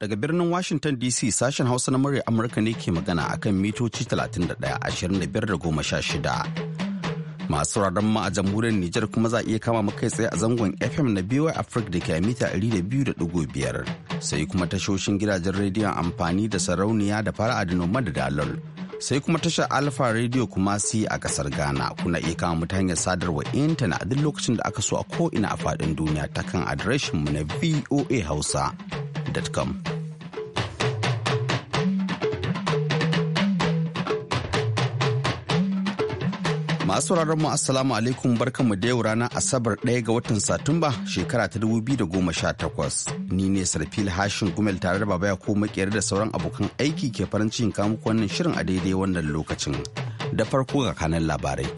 Daga birnin Washington DC sashen Hausa na murya Amurka ne ke magana akan mitoci 31-25-16. Masu raron ma a jamhuriyar Nijar kuma za a iya kama kai tsaye a zangon FM na BY Africa da ke a mita 200.5 sai kuma tashoshin gidajen rediyon amfani da sarauniya da fara'a da noma da dalol. Sai kuma tashar Alpha Radio kuma si a kasar Ghana kuna iya kama mutane hanyar sadarwa intanet a duk lokacin da aka so a ko'ina a faɗin duniya ta kan adireshinmu na voa hausa. amurka.com. Masu mu Assalamu alaikum barkanmu da yau rana Asabar ɗaya ga watan Satumba shekara ta 2018. Ni ne Sarfil Hashin Gumel tare da Baba ko makiyar da sauran abokan aiki ke farin cikin kamuku wannan shirin a daidai wannan lokacin. Da farko ga kanan labarai.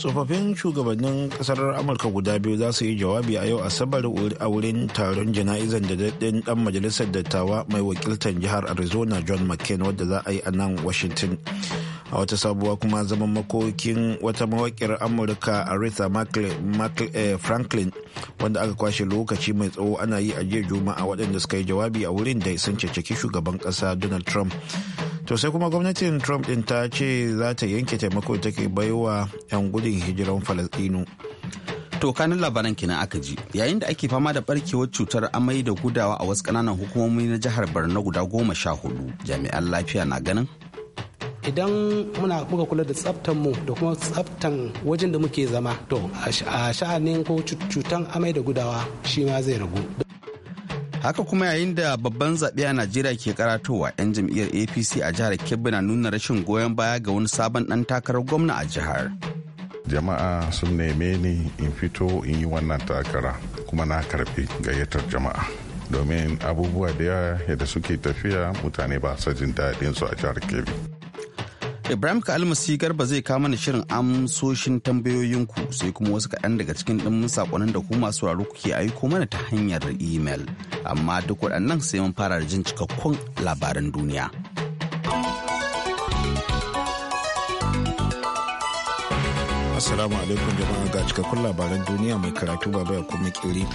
tsofaffin shugabannin kasar amurka guda biyu za su yi jawabi a yau asabar a wurin taron jana'izan da daɗin ɗan majalisar dattawa mai wakiltar jihar arizona john mccain wadda za a yi a nan washington a wata sabuwa kuma zaman makokin wata mawakiyar amurka aretha eh, franklin wanda aka kwashe lokaci mai tsawo ana yi a jiya juma'a waɗanda suka yi jawabi a wurin da sun ceceki shugaban ƙasa donald trump to sai kuma gwamnatin trump din ta ce za ta yanke taimako da take baiwa 'yan gudun hijiran falasɗinu to kanin labaran kenan aka ji yayin da ake fama da barkewar cutar amai da gudawa a wasu kananan hukumomi na jihar borno guda goma sha hudu jami'an lafiya na ganin idan muna muka kula da tsaftan mu da kuma tsaftan wajen da muke zama to a sha'anin ko cutan amai da gudawa shi ma zai ragu haka kuma yayin da babban zaɓe a najeriya ke karatowa 'yan jam'iyyar apc a jihar kebbi na nuna rashin goyon baya ga wani sabon ɗan takarar gwamna a jihar jama'a sun neme ni in fito in yi wannan takara kuma na karɓi gayyatar jama'a domin abubuwa da yawa suke tafiya mutane ba sa jin daɗinsu a jihar kebbi Ibrahim Kalmasi Garba zai kama mana shirin amsoshin tambayoyinku sai kuma wasu kaɗan daga cikin ɗin saƙonin da ku masu sauraro kuke aiko mana ta hanyar imel. Amma duk waɗannan sai mun fara da jin cikakkun labaran duniya. asalamu alaikum jama'a ga cikakkun labaran duniya mai karatu baba ya kuma kiri.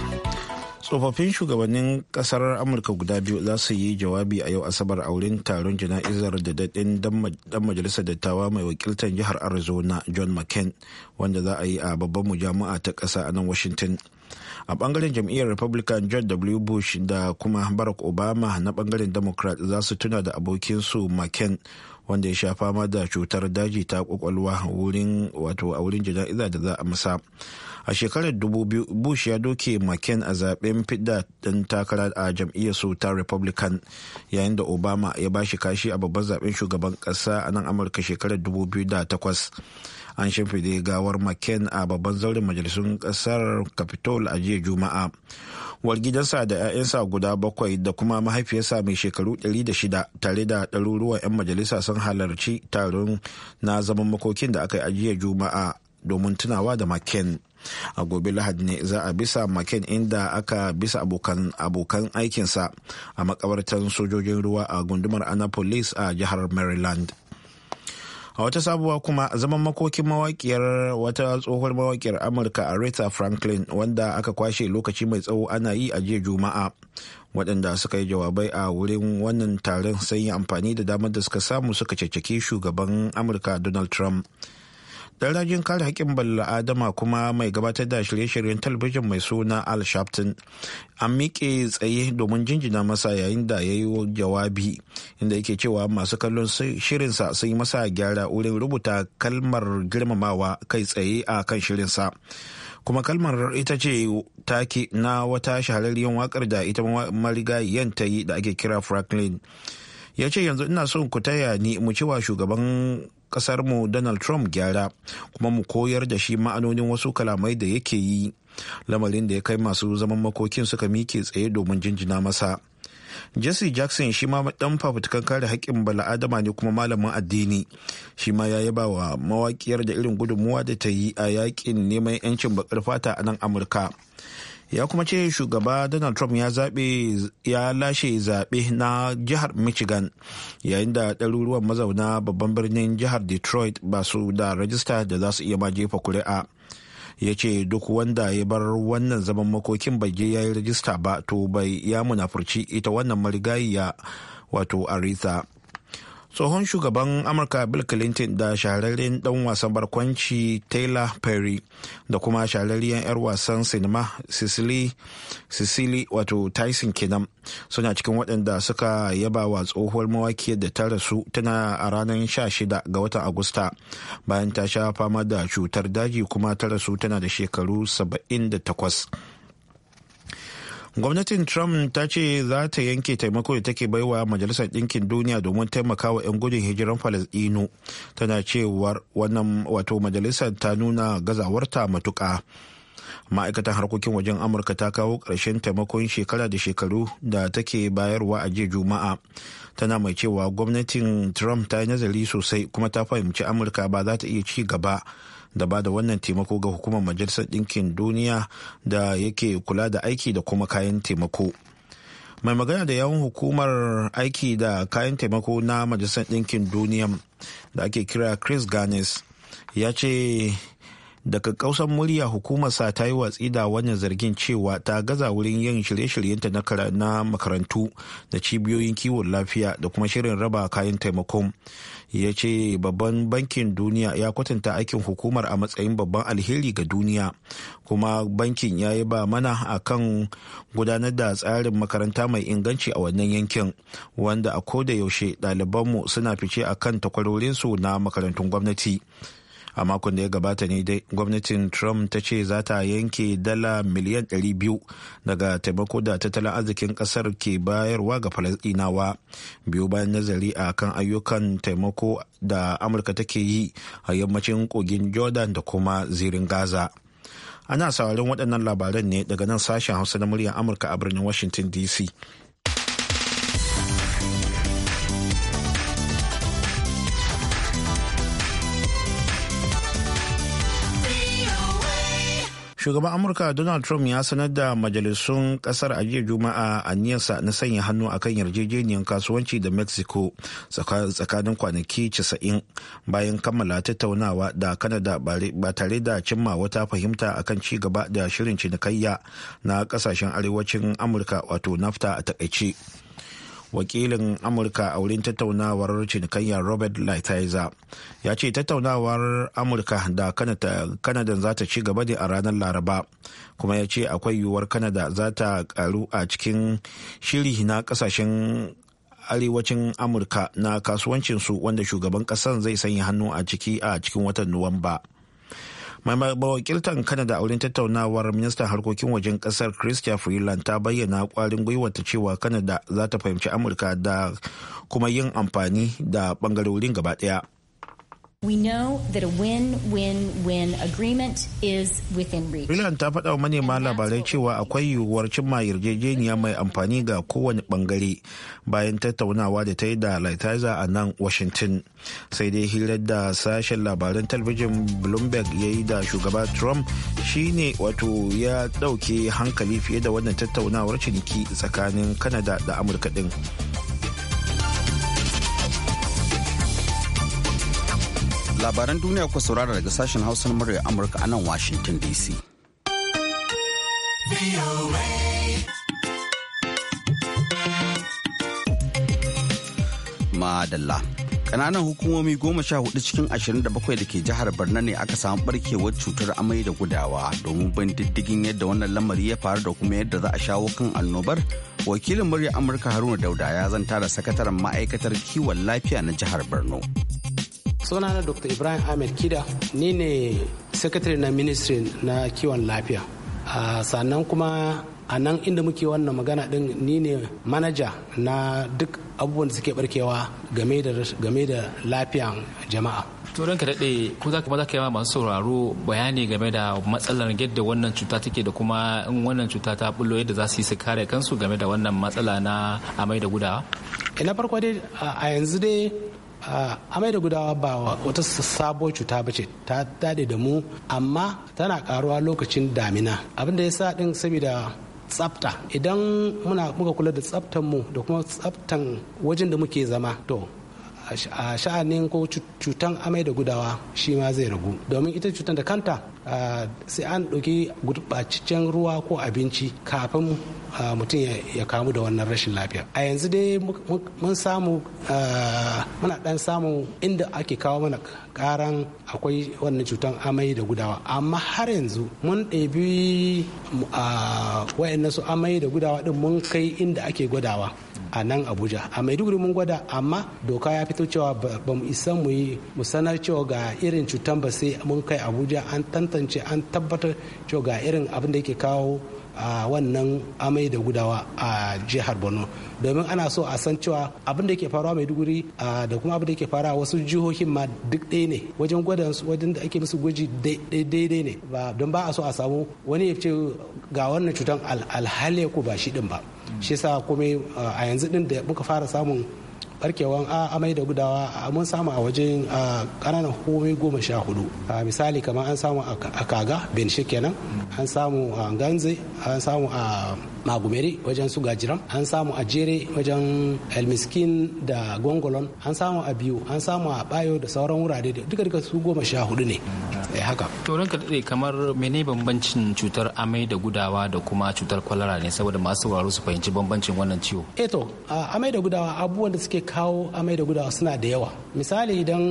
tsofaffin shugabannin kasar amurka guda biyu za su yi jawabi a yau asabar a wurin taron jana'izar da daɗin dan majalisar dattawa mai wakiltar jihar arizona john mccain wanda za a yi a babban mujamu'a ta ƙasa a nan washington a bangaren jam'iyyar republican john w bush da kuma barack obama na bangaren democrat za su tuna da abokinsu mccain wanda ya sha fama da cutar daji ta kwakwalwa a wurin jana'iza da za a masa a shekarar 2000 bush ya doke mccain a zaben fidda ɗin takara a jam'iyyar su ta republican yayin da obama ya ba shi kashi a babban zaben shugaban ƙasa a nan amurka shekarar takwas an shimfide gawar mccain a babban zauren majalisun ƙasar capitol a jiya juma'a gidansa da 'ya'yansa guda bakwai da kuma mahaifiyarsa mai shekaru 106 tare da ɗaruruwan 'yan majalisa sun halarci taron na zaman makokin da aka yi a jiya juma'a domin tunawa da mccain a gobe lahadi ne za a bisa maken inda aka bisa abokan abokan aikinsa a makabartan sojojin ruwa a gundumar annapolis a jihar maryland a wata sabuwa kuma zaman makokin mawakiyar wata tsohuwar mawakiyar amurka a aretha franklin wanda aka kwashe lokaci mai tsawo ana yi a jiya juma'a waɗanda suka yi jawabai a wurin wannan taron sun yi amfani da damar da suka samu suka ceceke shugaban amurka donald trump dan rajin kare haƙƙin adama kuma mai gabatar da shirye-shiryen talabijin mai suna al shaftin an miƙe tsaye domin jinjina masa yayin da ya yi jawabi inda yake cewa masu kallon shirinsa sun yi masa gyara wurin rubuta kalmar girmamawa kai tsaye a kan shirinsa kuma kalmar ita ce take na wata shahararriyar wakar da ita marigayen ta yi da ake kira franklin ya ce yanzu ina son ku taya ni mu cewa shugaban mu donald trump gyara kuma mu koyar da shi ma'anonin wasu kalamai da yake yi lamarin da ya kai masu zaman makokin suka mike tsaye domin jinjina masa jesse jackson shi ma dan fafutukan kare haƙƙin bala'adama ne kuma malamin addini shi ma ya yaba wa mawaƙiyar da irin gudunmuwa da ta yi a yaƙin neman 'yancin baƙar fata a nan amurka ya kuma ce shugaba donald trump ya zabe ya lashe zaɓe na jihar michigan yayin da ɗaruruwan mazauna babban birnin jihar detroit ba su da rajista da za su iya ma jefa kuri'a ya ce duk wanda ya bar wannan zaman makokin bai je ya yi rajista ba to bai ya munafurci ita wannan marigayiya wato aritha. tsohon shugaban amurka bill clinton da shahararren dan wasan barkwanci taylor perry da kuma shahararren 'yar wasan sinima sicily wato tyson kenan suna cikin waɗanda suka yaba wa tsohuwar mawakiyar da ta rasu tana a ranar 16 ga watan agusta bayan ta sha fama da cutar daji kuma ta rasu tana da shekaru 78 gwamnatin trump ta ce za ta yanke taimako da take baiwa majalisar ɗinkin duniya domin taimakawa 'yan gudun hijiran falasɗinu tana cewar wannan wato majalisar ta nuna gazawarta matuka ma'aikatan harkokin wajen amurka ta kawo ƙarshen taimakon shekara da shekaru da take bayarwa a jiya juma'a tana mai cewa gwamnatin trump ta yi nazari sosai kuma ta fahimci amurka ba za ta iya ci gaba da ba da wannan taimako ga hukumar majalisar ɗinkin duniya da yake kula da aiki da kuma kayan taimako mai magana da yawon hukumar aiki da kayan taimako na majalisar ɗinkin duniya da ake kira chris ganes ya ce daga kausan murya hukumar sa ta yi watsi da wannan zargin cewa ta gaza wurin yin shirye-shiryenta na makarantu da cibiyoyin kiwon lafiya da kuma shirin raba kayan taimakon ya ce babban bankin duniya ya kwatanta aikin hukumar a matsayin babban alheri ga duniya kuma bankin ya yi ba mana a kan gudanar da tsarin makaranta mai inganci a wannan yankin wanda a da yaushe ɗalibanmu suna fice a kan takwarorinsu na makarantun gwamnati a makon da ya gabata ne dai gwamnatin trump ta ce za ta yanke dala miliyan 200 daga taimako da tattalin arzikin kasar ke bayarwa ga falasdinawa biyu bayan nazari a kan ayyukan taimako da amurka take yi a yammacin kogin jordan da kuma zirin gaza ana sauraron waɗannan labaran ne daga nan sashen hausa na muryar amurka a birnin washington dc shugaban amurka donald trump ya sanar da majalisun kasar a jiya juma'a aniyarsa na sanya hannu akan yarjejeniyar kasuwanci da mexico tsakanin kwanaki 90 bayan kammala tattaunawa da kanada ba tare da cimma wata fahimta akan ci gaba da shirin cinikayya na kasashen arewacin amurka wato nafta a takaice. wakilin amurka a wurin tattaunawar cinikayyar robert lighthizer ya ce tattaunawar amurka da kanada za ta ci gaba ne a ranar laraba kuma ya ce akwai yiwuwar kanada za ta karu a cikin shiri na kasashen arewacin amurka na kasuwancinsu wanda shugaban kasan zai sanya hannu a ciki a cikin watan nuwamba. mai wakiltan kanada a wurin tattaunawar ministan harkokin wajen kasar christia freeland ta bayyana kwarin ta cewa kanada za ta fahimci amurka da kuma yin amfani da bangarorin gaba daya We know that a win-win-win agreement is within reach. ta faɗa wa manema labarai cewa akwai yiwuwar cimma yarjejeniya mai amfani ga kowane bangare bayan tattaunawa da ta yi da Lighthizer a nan Washington. Sai dai hirar da sashen labaran talabijin Bloomberg ya yi da shugaba Trump shi ne wato ya ɗauke hankali fiye da wannan tattaunawar ciniki tsakanin Canada da Amurka ɗin. labaran duniya ku saurara daga sashen hausa murya amurka anan nan washington dc madalla kananan hukumomi goma sha hudu cikin ashirin da bakwai da ke jihar borno ne aka samu barkewar cutar amai da gudawa domin bin diddigin yadda wannan lamari ya faru da kuma yadda za a shawo kan annobar wakilin murya amurka haruna dauda ya zanta da sakataren ma'aikatar kiwon lafiya na jihar borno sunana dr ibrahim ahmed kida ni ne secretary na ministry na kiwon lafiya ah, sannan kuma a nan inda muke wannan magana din ni ne manaja na duk abubuwan da suke barkewa game da lafiyan jama'a to ka daɗe ko za ka yi masu sauraro bayani game da matsalar yadda wannan cuta take da kuma in wannan cuta ta bullo yadda za su yi su kare kansu game da wannan matsala na amai da gudawa? Eh, na farko dai a yanzu dai amai da gudawa ba wata sabuwar cuta ba ce ta daɗe da mu amma tana karuwa lokacin damina abinda ya sa din saboda tsafta idan muna muka kula da tsaftan mu da kuma tsaftan wajen da muke zama to a sha'anin ko cutan amai da gudawa shi ma zai ragu domin ita cutan da kanta Ah, sai an ɗauki gurɓacicen ruwa ko abinci kafin ah, mutum ya kamu da wannan rashin lafiya a yanzu dai mun samu ah, muna ɗan samun inda ake kawo mana karan akwai wannan cutan amai da gudawa amma har yanzu mun ɗebi wayannan su amai da gudawa ɗin mun kai inda ake gudawa. a nan abuja a maiduguri mun gwada amma doka ya fito cewa ba mu isa mu yi mu sanar cewa ga irin cutan ba sai mun kai abuja an tantance an tabbatar cewa ga irin abin da yake kawo a wannan amai da gudawa a jihar borno domin ana so a san cewa abin da ke faruwa maiduguri da kuma abin da ke faruwa wasu jihohin ma duk ɗaya ne wajen gwadon wajen da ake musu gwaji daidai ne ba don ba a so a samu wani ya ce ga wannan cutar alhali ko ba shi din ba shi sa kuma a yanzu din da muka fara samun barkewan amai da gudawa mun samu a wajen ƙananan hukumomi goma sha hudu misali kamar an samu a kaga bin kenan an samu a ganze an samu a magumeri wajen su gajiran an samu a jere wajen elmiskin da gongolon an samu a biyu an samu a bayo da sauran wurare duka duka su goma sha hudu ne eh, haka to ka dade kamar mene bambancin cutar amai da gudawa da kuma cutar kwalara ne saboda masu sauraro su fahimci bambancin wannan ciwo eh to amai da gudawa abubuwan da suke kawo amai da gudawa suna da yawa misali idan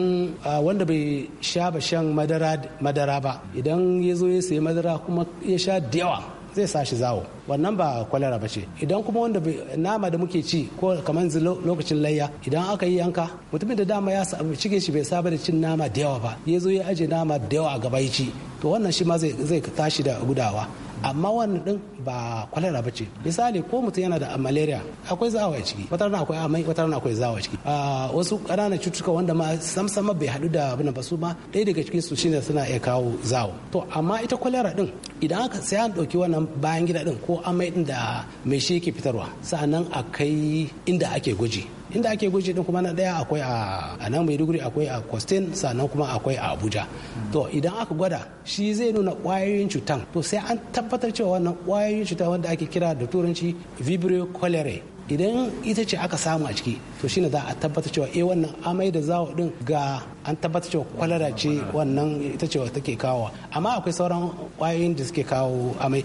wanda bai sha ba shan madara ba idan ya zo ya sayi madara kuma ya sha da yawa zai sa shi zawo wannan ba kwalara ba ce idan kuma wanda nama da muke ci ko kamar lokacin layya idan aka yi yanka mutumin da dama ya cike shi bai saba da cin nama da yawa ba ya zo ya aje nama da yawa a gaba ya ci to wannan shi ma zai tashi da gudawa amma wannan din ba kwalara ba ce misali ko mutum yana da malaria akwai zawo a ciki wata rana akwai amai wata rana akwai zawo a ciki ah, wasu ƙananan cututtuka wanda ma sam sama bai haɗu da abin ba su ma ɗaya daga cikin su shine suna iya kawo zawo to amma ita kwalara din idan aka sai an ɗauki wannan bayan gida din ko amai din da mai shi yake fitarwa sa'annan a kai inda ake gwaji inda ake gwaji din kuma na daya akwai a nan maiduguri akwai a kwastin sannan kuma akwai a abuja to idan aka gwada shi zai nuna kwayoyin cutan to sai an tabbatar cewa wannan kwayoyin cuta wanda ake kira da turanci vibrio cholerae idan ita ce aka samu a ciki to shine za a tabbatar cewa eh wannan amai da zawo din ga an tabbatar cewa kwalara ce wannan ita ce take kawo amma akwai sauran kwayoyin da suke kawo amai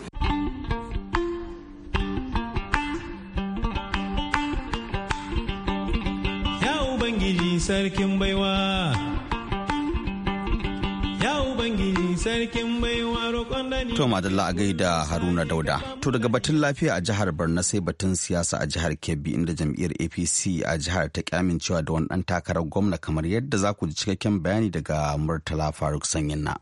sarkin baiwa ya ubangiji sarkin baiwa roƙon da ni to madalla a gaida haruna dauda to daga batun lafiya a jihar borno sai batun siyasa a jihar kebbi inda jam'iyyar apc a jihar ta kyamincewa da wani ɗan takarar gwamna kamar yadda za ku ji cikakken bayani daga murtala faruk sanyin na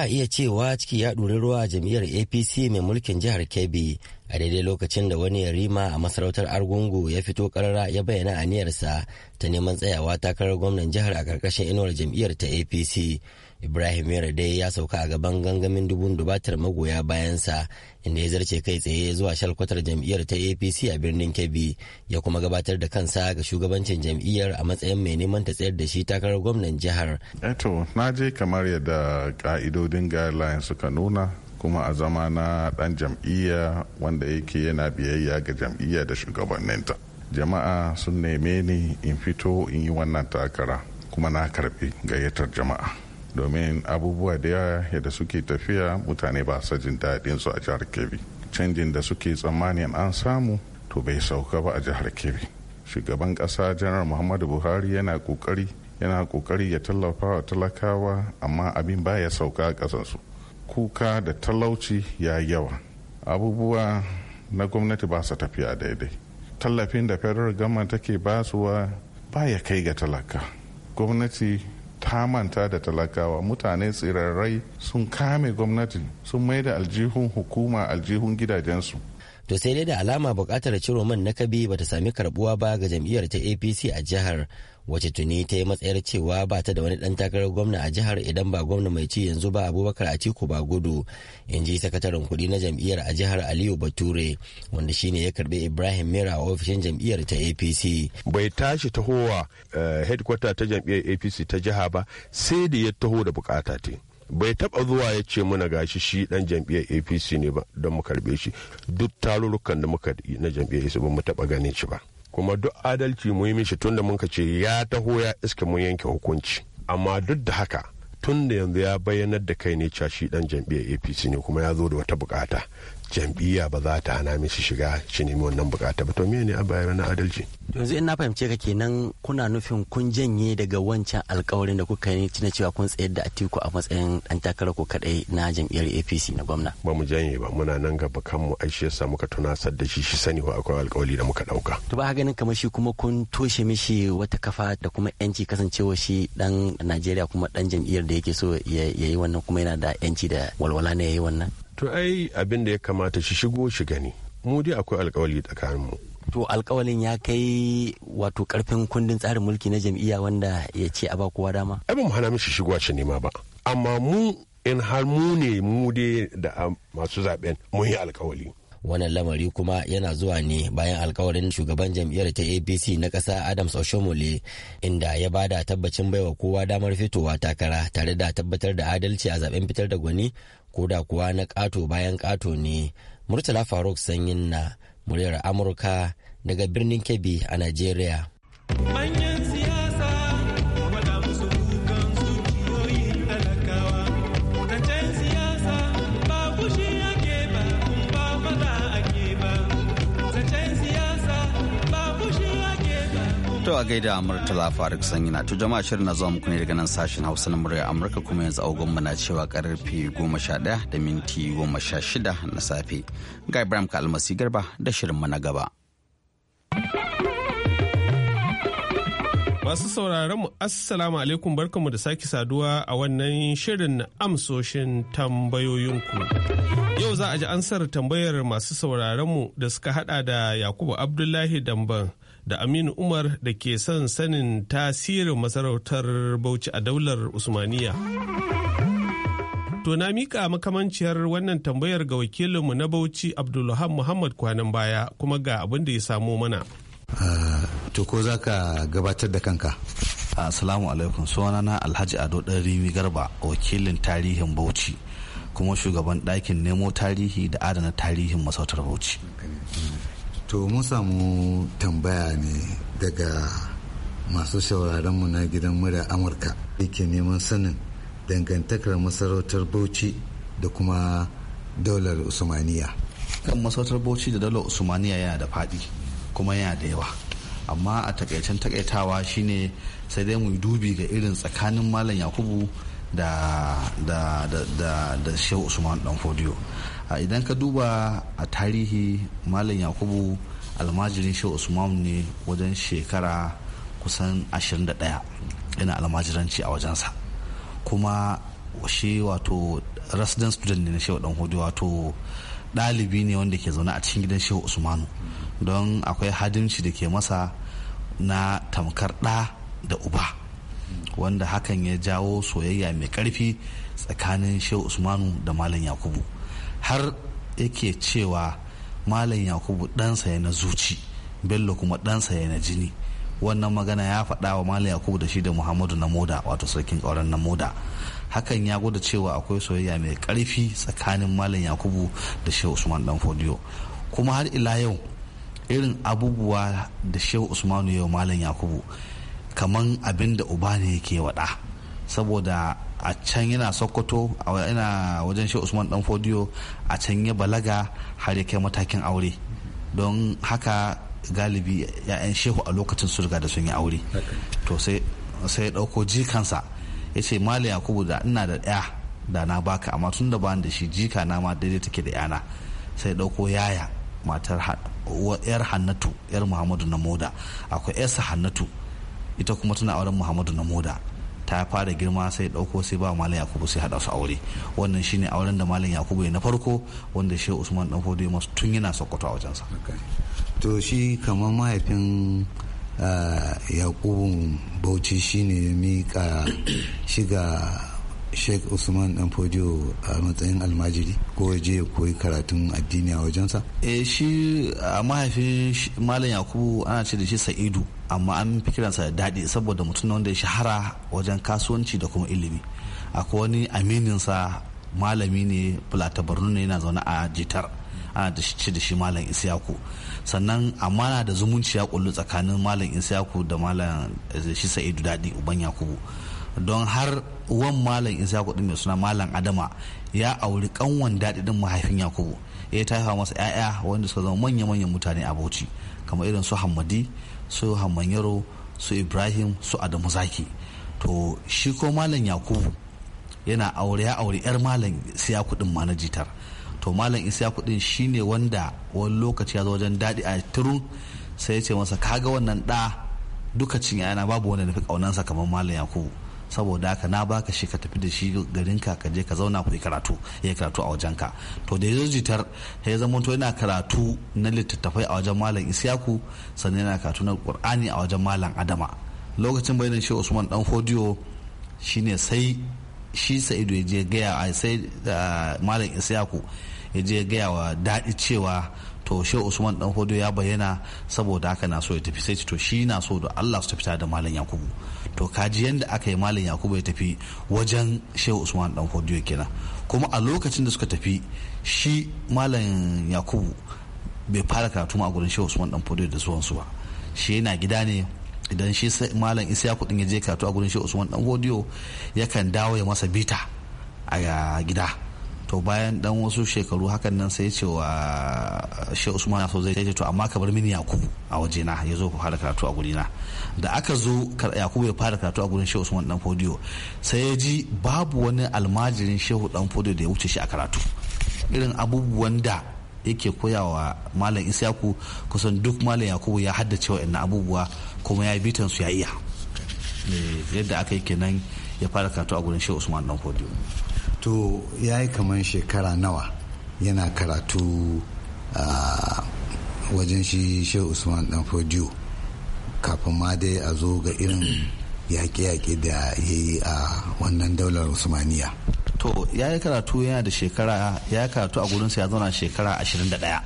a iya cewa ciki ya ɗori ruwa jam'iyyar apc mai mulkin jihar kebbi a daidai lokacin da wani yarima a masarautar argungu ya fito karara ya bayyana aniyarsa ta neman tsayawa takarar gwamnan jihar a karkashin inuwar jam'iyyar ta apc ibrahim dai ya sauka a gaban gangamin dubun dubatar magoya bayansa inda ya zarce kai tsaye zuwa shalkwatar jam'iyyar ta apc a birnin kebbi ya kuma gabatar da kansa ga shugabancin jam'iyyar a matsayin mai neman ta tsayar da shi takarar gwamnan jihar eto eh na je kamar yadda ka'idodin guidelines suka nuna kuma a zama na dan jam'iyya wanda yake yana biyayya ga jam'iyya da shugabanninta jama'a sun neme ni in fito in yi wannan takara kuma na karbi gayyatar jama'a domin abubuwa da yawa yadda suke tafiya mutane ba sa jin daɗin su a jihar kebbi canjin da suke tsammanin an samu to bai sauka ba a jihar kebbi shugaban ƙasa janar muhammadu buhari yana ƙoƙari yana ƙoƙari ya tallafa wa talakawa amma abin baya sauka a ƙasansu kuka da talauci ya yawa abubuwa na gwamnati ba su tafiya daidai tallafin da federal gama take basuwa ba ya kai ga talaka gwamnati ta manta da talakawa mutane tsirarrai sun kame gwamnati sun mai da aljihun hukuma aljihun gidajensu to sai dai da alama bukatar ciro man na kabi bata sami karbuwa ba ga jam'iyyar ta apc a jihar wace tuni ta yi matsayar cewa ba ta da wani dan takarar gwamna a jihar idan ba gwamna mai ci yanzu ba abubakar atiku ba gudu in ji sakataren kudi na jam'iyyar a jihar aliyu bature wanda shine ya karbi ibrahim mera a ofishin jam'iyyar ta apc bai tashi tahowa eh, headquarter ta jam'iyyar apc ta jiha ba sai da ya taho da bukata te bai taba zuwa ya ce muna gashi shi dan jam'iyyar apc ne ba don mu karbe shi duk tarurrukan da muka na jam'iyyar apc ba mu taba ganin shi ba kuma duk adalci mu yi mishi tunda mun ka ce ya taho ya iska mun yanke hukunci amma duk da haka tun da yanzu ya bayyanar da kai ne cashi dan jam'iyyar apc ne kuma ya zo da wata bukata jam'iyya ba za ta hana mishi shiga shi nemi wannan bukata ba to me ne a bayar na adalci yanzu in na fahimce ka kenan kuna nufin kun janye daga wancan alkawarin da kuka yi na cewa kun tsayar da atiku a matsayin dan takarar ku kadai na jam'iyyar apc na gwamna ba mu janye ba muna nan gaba kanmu ai shi muka tunasar da shi shi sani ko akwai alkawari da muka dauka to ba ganin kamar shi kuma kun toshe mishi wata kafa da kuma yanci kasancewa shi dan najeriya kuma dan jam'iyyar da yake so ya yi wannan kuma yana da yanci da walwala ne ya yi wannan to ai abin da ya kamata shi shigo shi gani mu dai akwai alkawari tsakaninmu to alkawalin ya kai wato karfin kundin tsarin mulki na jam'iyya wanda ya ce a ba kowa dama ai mu hana mishi shigowa ce nema ba amma mu in har mu ne mu dai da masu zaben mun yi alkawali wannan lamari kuma yana zuwa ne bayan alkawarin shugaban jam'iyyar ta apc na ƙasa adams oshomole inda ya bada tabbacin baiwa kowa damar fitowa takara tare da tabbatar da adalci a zaben fitar da gwani ko da kuwa na ƙato bayan ƙato ne murtala faruk sanyin na muryar amurka daga birnin kebbi a nigeria a gaida Murtala Faruk Sanyina to jama'a shirin na zuwa muku ne daga nan sashen Hausa na murya Amurka kuma yanzu agogon mu cewa karfe goma sha daya da minti goma sha shida na safe. Ga Ibrahim almasi Garba da shirin mu na gaba. Masu sauraron mu Assalamu alaikum barkanmu da sake saduwa a wannan shirin amsoshin tambayoyinku. Yau za a ji ansar tambayar masu sauraron mu da suka hada da Yakubu Abdullahi Damban. da Aminu Umar da ke son sanin tasirin masarautar Bauchi a daular Usmaniya. To na mika makamanciyar wannan tambayar ga wakilinmu na Bauchi Abdulham Muhammad kwanan baya kuma ga abin da ya samo mana. Ah, to ko za ka gabatar da kanka? Assalamu alaikum sunana Alhaji Ado Ɗarimi Garba wakilin tarihin Bauchi. kuma shugaban ɗakin nemo tarihi da adana tarihin masautar bauchi to mun samu tambaya ne daga masu mu na gidan murya amurka ke neman sanin dangantakar masarautar bauchi da kuma daular usmaniya kan masarautar bauchi da daular usmaniya yana da faɗi kuma yana da yawa amma a takaicen takaitawa shine sai dai mu dubi ga irin tsakanin malam yakubu da da da da, da shehu usman dan fodiyo idan ka duba a tarihi malam yakubu almajirin shi usman ne wajen shekara kusan 21 yana almajiranci a wajensa kuma shi wato resident student ne na shehu dan hudu wato dalibi ne wanda ke zaune a cikin gidan shehu usman don akwai hadimci da ke masa na tamkar ɗa da uba wanda hakan ya jawo soyayya mai karfi tsakanin shehu usmanu da malam yakubu har yake cewa malam yakubu ɗansa ya na zuci bello kuma ɗansa ya na jini wannan magana ya faɗa wa malam yakubu da shi da muhammadu na moda wato sarkin ƙauren na moda hakan ya gwada cewa akwai soyayya mai ƙarfi tsakanin malam yakubu da shehu usman dan fodiyo kuma har ila yau irin abubuwa da shehu usmanu yau malam yakubu kaman abin da uba ne yake waɗa saboda a can yana sokoto yana wajen shi usman dan fodiyo a can ya balaga har ya kai matakin aure don haka galibi 'ya'yan shehu a lokacin su da sun yi aure to sai ya dauko jikansa ya ce mali yakubu da ina da ɗaya da na baka amma tun da bani da shi jika na ma daidai take da yana sai dauko yaya matar yar hannatu yar muhammadu na moda akwai yarsa hannatu ita kuma tana auren muhammadu na moda ta fara girma sai dauko sai ba malam yakubu sai hada su aure wannan shine auren da malam yakubu ya na farko wanda shi usman dan fodo masu tun yana sokoto a wajensa to shi kamar mahaifin ah, yakubu bauchi shine ya mika shiga sheikh usman dan fodo a matsayin almajiri ko ya je koyi karatun addini a wajensa eh shi mahaifin malam yakubu ana ce da shi sa'idu amma an fi kiransa da daɗi saboda mutum wanda ya shahara wajen kasuwanci da kuma ilimi akwai wani amininsa malami ne fulata borno ne yana zaune a jitar ana da shi da shi malam isiyaku sannan amma na da zumunci ya kullu tsakanin malam isiyaku da malam eh, shi sa'idu daɗi uban yakubu don har uwan malam isiyaku din mai suna malam adama ya auri kanwan daɗi din mahaifin yakubu ya ta haifa masa 'ya'ya wanda suka zama manya-manyan mutane a bauchi kamar irin su hammadi su Yaro su ibrahim su adamu zaki to shi ko malam yakubu yana aure ya aure yar malam siya kudin ma na jitar to malam kuɗin kudin ne wanda wani lokaci ya zo wajen daɗi a turun sai ya ce masa kaga wannan ɗa duka cin yana babu wanda nufi ƙaunansa kamar malam yakubu saboda haka na baka shi ka tafi da shi garin ka ka je ka zauna ku karatu ya karatu a wajen ka to da yazo jitar ya zama to yana karatu na littattafai a wajen malam Isyaku sannan yana karatu na Qur'ani a wajen malam Adama lokacin bayanin shi Usman dan Fodio shine sai shi Sa'idu ya je gaya sai eh, malam Isyaku ya je gaya wa daɗi cewa to shi usman dan hodo ya bayyana saboda haka na so ya tafi sai to shi na so da allah su tafi tare da malam yakubu to kaji yadda aka yi malam yakubu ya tafi wajen shehu usman dan hodo kenan kuma a lokacin da suka tafi shi malam yakubu bai fara karatu a gurin shehu usman dan hodo da su ba shi yana gida ne idan shi malam isa kudin ya je karatu a gurin shehu usman dan hodo yakan dawo ya masa bita a gida to bayan dan wasu shekaru hakan nan sai ce wa eh, shi usman so zai ce to amma ka bar mini yakubu a na ya zo fara karatu a na da aka zo yakubu ya fara karatu a gurin shi usman dan fodiyo sai ya ji babu wani almajirin shehu dan fodiyo da ya wuce shi a karatu irin abubuwan da yake koyawa malam isyaku kusan duk malam yakubu ya haddace inna abubuwa kuma ya bitan su ya iya eh, yadda aka yi kenan ya fara karatu a gurin shehu usman dan fodiyo to ya yi kamar shekara nawa yana karatu a wajen shi shehu usman dan fodiyo kafin ma dai a zo ga irin yaƙe-yaƙe da ya yi a wannan daular usmaniya to ya yi karatu yana da shekara ya yi karatu a gurinsa ya zauna shekara 21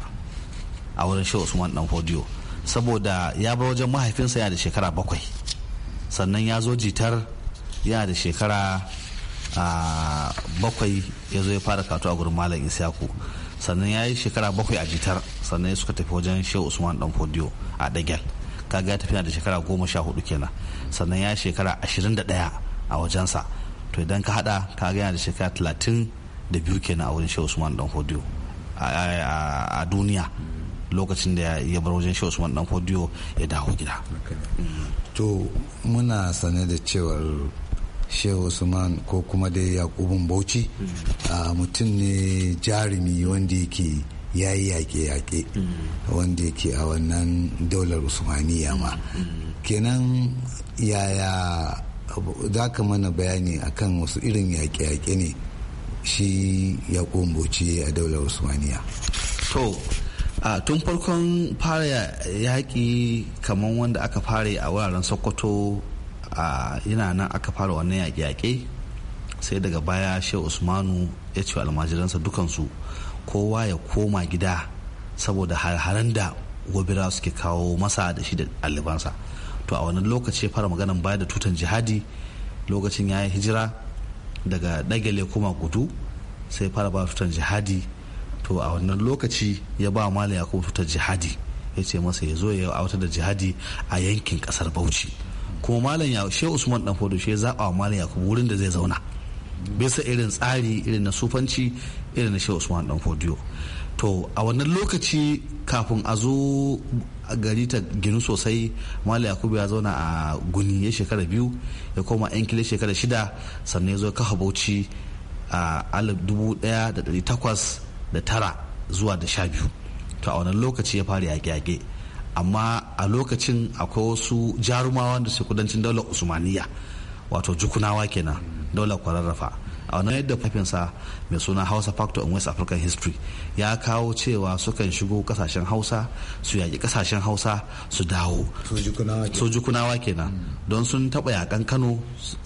a wurin shehu usman dan fodiyo saboda ya bar wajen mahaifinsa yana da shekara bakwai sannan ya zo jitar yana da shekara a bakwai ya zo ya fara katu a gurin malam isyaku sannan ya yi shekara bakwai a jitar sannan suka tafi wajen shehu usman dan fodiyo a dagel kaga ya tafi da shekara goma sha hudu kenan sannan ya yi shekara ashirin da daya a wajensa to idan ka hada kaga yana da shekara talatin da biyu kenan a wurin shehu usman dan fodiyo a duniya lokacin da ya bar wajen shehu usman dan fodiyo ya dawo gida to muna sane da cewar shehu usman ko kuma dai yakubun bauchi mutum ne jarumi wanda yake ya yi yaƙe-yaƙe wanda yake a wannan daular usmaniya ma kenan yaya za ka mana bayani akan wasu irin yaƙe-yaƙe ne shi yakubun bauchi a daular usmaniya to a tun farkon fara yaƙi kamar wanda aka fara a wuraren sokoto yana nan aka fara wannan yaƙe-yaƙe sai daga baya shehu usmanu ya ce almajiransa dukansu kowa ya koma gida saboda harharen da gobira suke kawo masa da shi da alibansa to a wannan lokaci fara maganan baya da tutan jihadi lokacin ya yi hijira daga dagale kuma gudu sai fara ba tutan jihadi to a wannan lokaci ya ba mala yakubu tutar jihadi ya ce masa ya zo ya yi da jihadi a yankin kasar bauchi kuma malam ya she usman dan fodo she zaba wa malam yakubu wurin da zai zauna bisa irin tsari irin na sufanci irin na she usman dan fodo to a wannan lokaci kafin a zo a gari ta ginu sosai Malam yakubu ya zauna a guni ya shekara biyu ya koma yankile shekara shida sannan ya zo kafa bauchi a alif dubu daya da dari takwas da tara zuwa da sha biyu to a wannan lokaci ya fara yaƙe-yaƙe amma a lokacin akwai wasu jarumawa da su kudancin daular usmaniya wato jukunawa kenan daular kwararrafa a wannan yadda fafinsa mai suna hausa factor in west african history ya kawo cewa sukan shigo kasashen hausa su yaƙi kasashen hausa su dawo so jukunawa kenan don sun taɓa yakan kano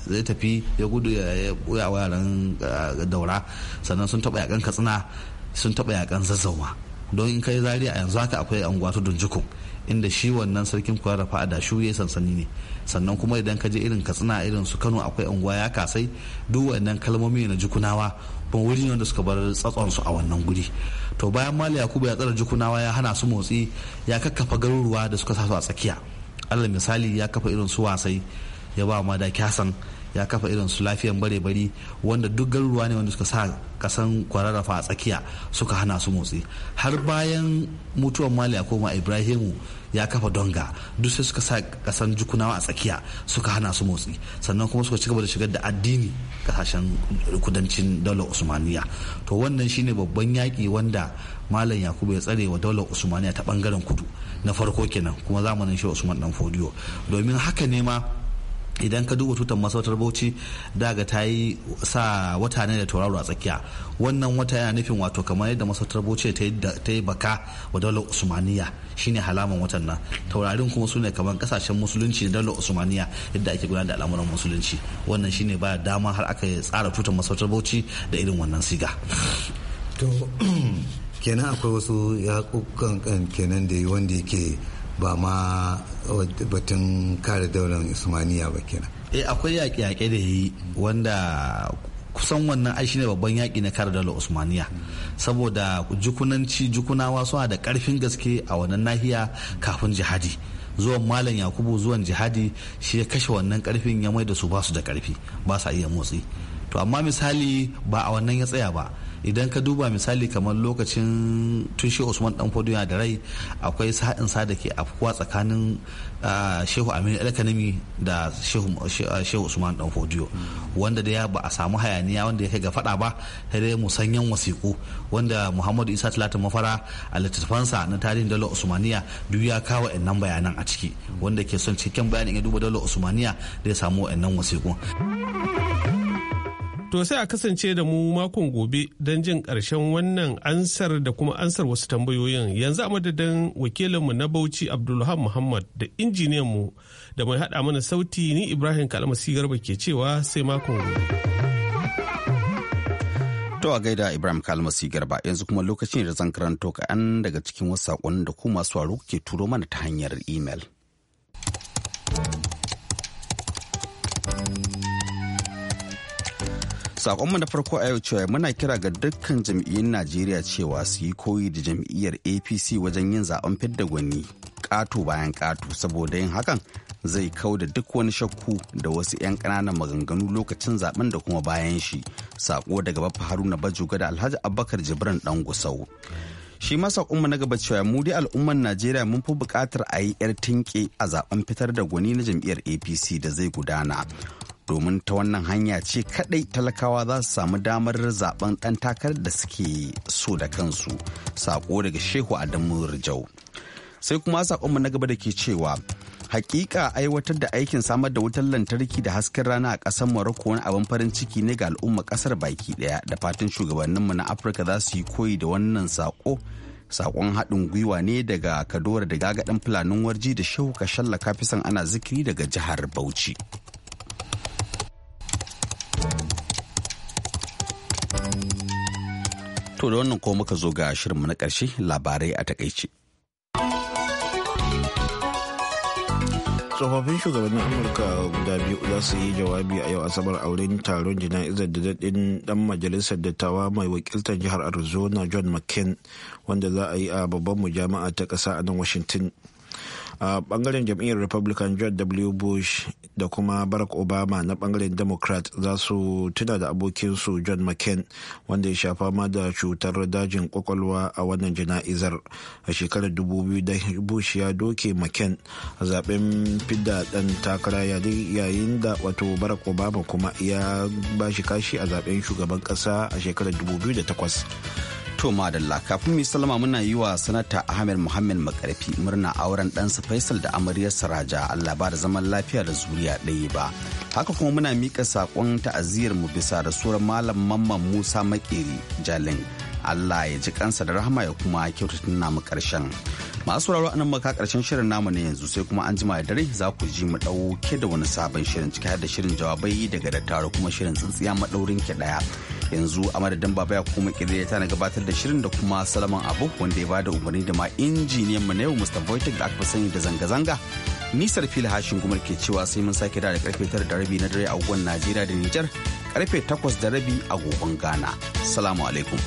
zai tafi ya gudu ya buya wayaran eh, daura sannan sun taɓa yakan katsina sun taɓa yakan zazzauma don in kai zari a yanzu haka akwai anguwa ta jukun inda shi wannan sarkin kuwa rafa a dashu ya sansani ne sannan kuma idan ka je irin katsina irin su kano akwai unguwa ya kasai duk wannan kalmomi na jukunawa kuma wuri ne wanda suka bar su a wannan guri to bayan mali yakubu ya tsara jukunawa ya hana su motsi ya kakkafa garuruwa da suka sa su a tsakiya allah misali ya kafa irin su wasai ya ba ma da kyasan ya kafa irin su lafiyan bare bari wanda duk garuruwa ne wanda suka sa kasan kwararrafa a tsakiya suka hana su motsi har bayan mutuwan mali koma ibrahimu ya kafa donga duk sai suka sa kasan jukunawa a tsakiya suka hana su motsi sannan kuma suka cigaba da shigar da addini kasashen kudancin daular usmaniya to wannan shine babban yaƙi wanda malam yakubu ya tsare wa daular usmaniya ta bangaren kudu na farko kenan kuma zamanin shi usman dan fodiyo domin haka ne ma idan ka duba tutar masautar bauchi daga ta yi sa wata ne da tauraro a tsakiya wannan wata yana nufin wato kamar yadda masautar bauchi ta yi baka wa daular usmaniya shine halaman watan nan taurarin kuma su ne kamar kasashen musulunci da daular usmaniya yadda ake gudanar da al'amuran musulunci wannan shine ba dama har aka tsara tutar masautar bauchi da irin wannan siga to kenan akwai wasu ya eh, kenan da yi wanda yake ba ma batun kare daular usmaniya ba kenan eh akwai yaƙe-yaƙe da yi wanda kusan wannan ai shine babban yaƙi na kare daular usmaniya saboda jukunanci jukunawa suna da ƙarfin gaske a wannan nahiya kafin jihadi zuwan malam yakubu zuwan jihadi shi ya kashe wannan ƙarfin ya mai da su basu da ƙarfi ba sa iya motsi to amma misali ba a wannan ya tsaya ba idan ka duba misali kamar lokacin tun shehu usman dan fodo yana da rai akwai sa'in sa da ke afkuwa tsakanin shehu aminu alkanami da shehu usman dan fodo wanda da ya ba a samu hayaniya wanda ya kai ga fada ba sai dai musanyan wasiku wanda muhammadu isa talatin mafara a littattafansa na tarihin dalar usmaniya duk ya kawo nan bayanan a ciki wanda ke son cikin bayanin ya duba dalar usmaniya da ya samu wa'annan wasiku. To sai a kasance da mu makon gobe don jin karshen wannan ansar da kuma ansar wasu tambayoyin yanzu a madadin wakilinmu na Bauchi Abdulham Muhammad da injiniyanmu da mai haɗa mana sauti ni Ibrahim Kalmasi Garba ke cewa sai makon gobe. To a gaida Ibrahim Kalmasi Garba yanzu kuma lokacin da zan karanto kaɗan daga cikin wasu saƙon da ku masu ke turo mana ta hanyar imel. Sakonmu na farko a yau cewa muna kira ga dukkan jam'iyyun Najeriya cewa su yi koyi da jam'iyyar APC wajen yin zaben fidda gwani ƙato bayan ƙato saboda yin hakan zai kau da duk wani shakku da wasu 'yan ƙananan maganganu lokacin zaben da kuma bayan shi. Sako daga bafa Haruna bajuga da Alhaji Abubakar Jibran dan Gusau. Shi ma sakonmu na gaba cewa mu dai al'ummar Najeriya mun fi buƙatar a yi 'yar tinke a zaben fitar da gwani na jam'iyyar APC da zai gudana. domin ta wannan hanya ce kadai talakawa za su samu damar zaben dan takarar da suke so da kansu sako daga shehu adamu rijau sai kuma sakonmu na gaba da ke cewa hakika aiwatar da aikin samar da wutar lantarki da hasken rana a ƙasar Morocco wani abin farin ciki ne ga al'umma ƙasar baki ɗaya da fatan shugabanninmu na Afirka za su yi koyi da wannan sako sakon haɗin gwiwa ne daga Kadora da gagaɗin fulanin warji da shehu kashalla kafisan ana zikiri daga jihar Bauchi. To da wannan ko muka zo ga shirinmu na ƙarshe labarai a takaice. tsofaffin shugabannin amurka guda biyu za su yi jawabi a yau asabar auren taron jana'izar da daɗin ɗan majalisar dattawa mai wakiltar jihar arizona john mccain wanda za a yi a babban mujami'a ta ƙasa a nan washington a bangaren jam'iyyar republican george w bush da kuma barack obama na bangaren democrat za su tuna da abokinsu john mccain wanda ya shafa ma da cutar dajin kwakwalwa a wannan jana'izar a shekarar 2000 bush ya doke mccain a zaben fidda dan takara yayin da wato barack obama kuma ya bashi kashi a zaben shugaban kasa a shekarar 2008 To madalla kafin mu salama muna yi wa sanata Ahmed Muhammad Makarfi murna auren ɗansa Faisal da amaryarsa Raja Allah ba da zaman lafiya da zuriya ɗaya ba. Haka kuma muna mika saƙon ta'aziyar mu bisa da surar Malam Mamman Musa Makeri Jalin. Allah ya ji kansa da rahama ya kuma kyautata mu ƙarshen. masu sauraro anan maka karshen shirin namu ne yanzu sai kuma an jima da dare za ku ji mu dauke da wani sabon shirin ciki da shirin jawabai daga dattaro kuma shirin tsintsiya maɗaurin ki daya yanzu a madadin baba ya kuma ta na gabatar da shirin da kuma salaman abu wanda ya bada umarni da ma injiniyan mu na yau mr voitek da aka sani da zanga-zanga nisar fili hashin kuma ke cewa sai mun sake da karfe tara da rabi na dare a najeriya da nijar karfe takwas da rabi a gogon ghana salamu alaikum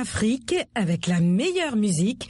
Afrique avec la meilleure musique